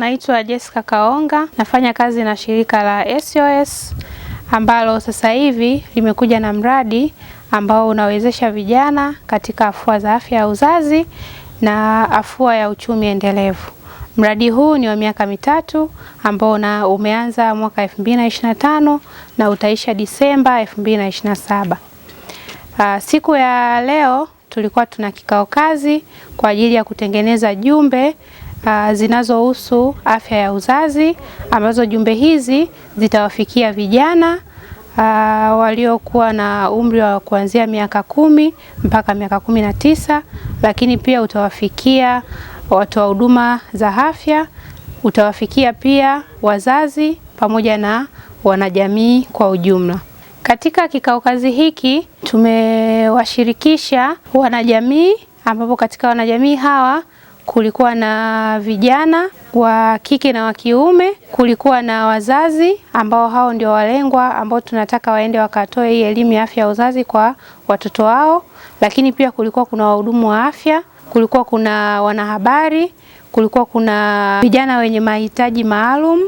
Naitwa Jessica Kaonga, nafanya kazi na shirika la SOS ambalo sasa hivi limekuja na mradi ambao unawezesha vijana katika afua za afya ya uzazi na afua ya uchumi endelevu. Mradi huu ni wa miaka mitatu ambao na umeanza mwaka 2025 na utaisha Disemba 2027. Ah, siku ya leo tulikuwa tuna kikao kazi kwa ajili ya kutengeneza jumbe Ah, zinazohusu afya ya uzazi ambazo jumbe hizi zitawafikia vijana ah, waliokuwa na umri wa kuanzia miaka kumi mpaka miaka kumi na tisa, lakini pia utawafikia watoa huduma za afya, utawafikia pia wazazi pamoja na wanajamii kwa ujumla. Katika kikao kazi hiki tumewashirikisha wanajamii ambapo katika wanajamii hawa kulikuwa na vijana wa kike na wa kiume, kulikuwa na wazazi ambao hao ndio walengwa ambao tunataka waende wakatoe hii elimu ya afya ya uzazi kwa watoto wao, lakini pia kulikuwa kuna wahudumu wa afya, kulikuwa kuna wanahabari, kulikuwa kuna vijana wenye mahitaji maalum,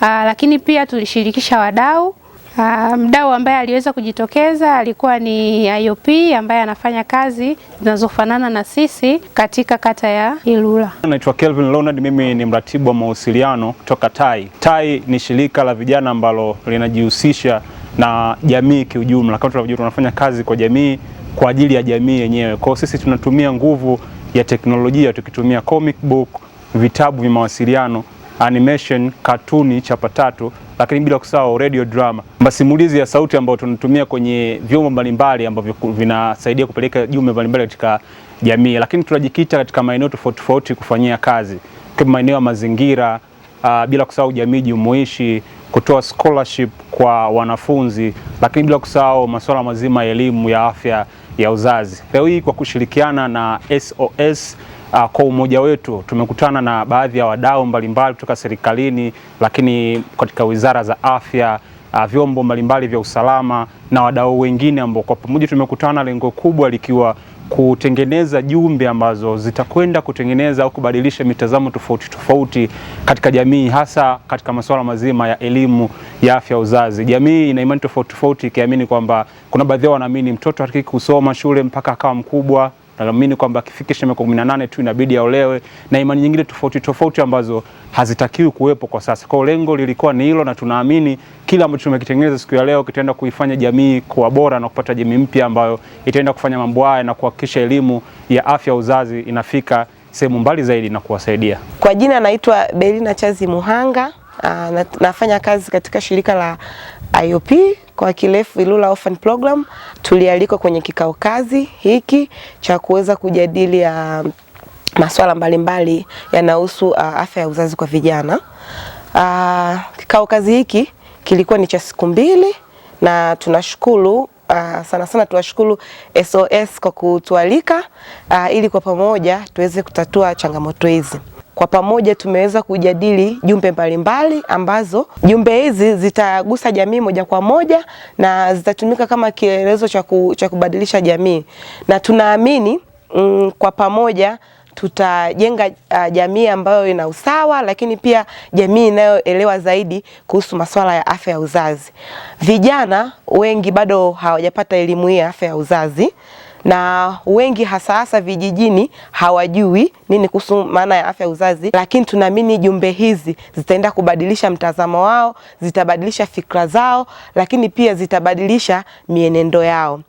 lakini pia tulishirikisha wadau Ah, mdau ambaye aliweza kujitokeza alikuwa ni IOP ambaye anafanya kazi zinazofanana na sisi katika kata ya Ilula. Naitwa Kelvin Leonard, mimi ni mratibu wa mawasiliano kutoka TAI. TAI ni shirika la vijana ambalo linajihusisha na jamii kiujumla. Kama tunavyojua, tunafanya kazi kwa jamii kwa ajili ya jamii yenyewe. Kwa hiyo sisi tunatumia nguvu ya teknolojia tukitumia comic book, vitabu vya mawasiliano animation, katuni, chapa tatu, lakini bila kusahau radio drama, masimulizi ya sauti ambayo tunatumia kwenye vyombo mbalimbali ambavyo vinasaidia kupeleka jumbe mbalimbali katika jamii, lakini tunajikita katika maeneo tofauti tofauti kufanyia kazi kama maeneo ya mazingira Uh, bila kusahau jamii jumuishi, kutoa scholarship kwa wanafunzi, lakini bila kusahau masuala mazima ya elimu ya afya ya uzazi. Leo hii kwa kushirikiana na SOS Ah, kwa umoja wetu tumekutana na baadhi ya wadau mbalimbali kutoka serikalini, lakini katika wizara za afya, ah, vyombo mbalimbali vya usalama na wadau wengine ambao kwa pamoja tumekutana, lengo kubwa likiwa kutengeneza jumbe ambazo zitakwenda kutengeneza au kubadilisha mitazamo tofauti tofauti katika jamii, hasa katika masuala mazima ya elimu ya afya uzazi. Jamii ina imani tofauti tofauti, ikiamini kwamba kuna baadhi yao wanaamini mtoto hataki kusoma shule mpaka akawa mkubwa naamini kwamba akifikisha miaka 18 tu inabidi aolewe na imani nyingine tofauti tofauti ambazo hazitakiwi kuwepo kwa sasa. Kwa lengo lilikuwa ni hilo, na tunaamini kila ambacho tumekitengeneza siku ya leo kitaenda kuifanya jamii kuwa bora na kupata jamii mpya ambayo itaenda kufanya mambo haya na kuhakikisha elimu ya afya uzazi inafika sehemu mbali zaidi na kuwasaidia. Kwa jina naitwa Belina Chazi Muhanga. Uh, nafanya kazi katika shirika la IOP kwa kirefu Ilula Orphan Program. Tulialikwa kwenye kikao kazi hiki cha kuweza kujadili ya ah, masuala mbalimbali yanahusu uh, afya ya uzazi kwa vijana. Uh, kikao kazi hiki kilikuwa ni cha siku mbili na tunashukuru Uh, sana sana tuwashukuru SOS kwa kutualika uh, ili kwa pamoja tuweze kutatua changamoto hizi. Kwa pamoja tumeweza kujadili jumbe mbalimbali ambazo jumbe hizi zitagusa jamii moja kwa moja na zitatumika kama kielelezo cha kubadilisha jamii, na tunaamini mm, kwa pamoja tutajenga uh, jamii ambayo ina usawa, lakini pia jamii inayoelewa zaidi kuhusu masuala ya afya ya uzazi. Vijana wengi bado hawajapata elimu hii ya afya ya uzazi na wengi hasa hasa vijijini hawajui nini kuhusu maana ya afya ya uzazi, lakini tunaamini jumbe hizi zitaenda kubadilisha mtazamo wao, zitabadilisha fikra zao, lakini pia zitabadilisha mienendo yao.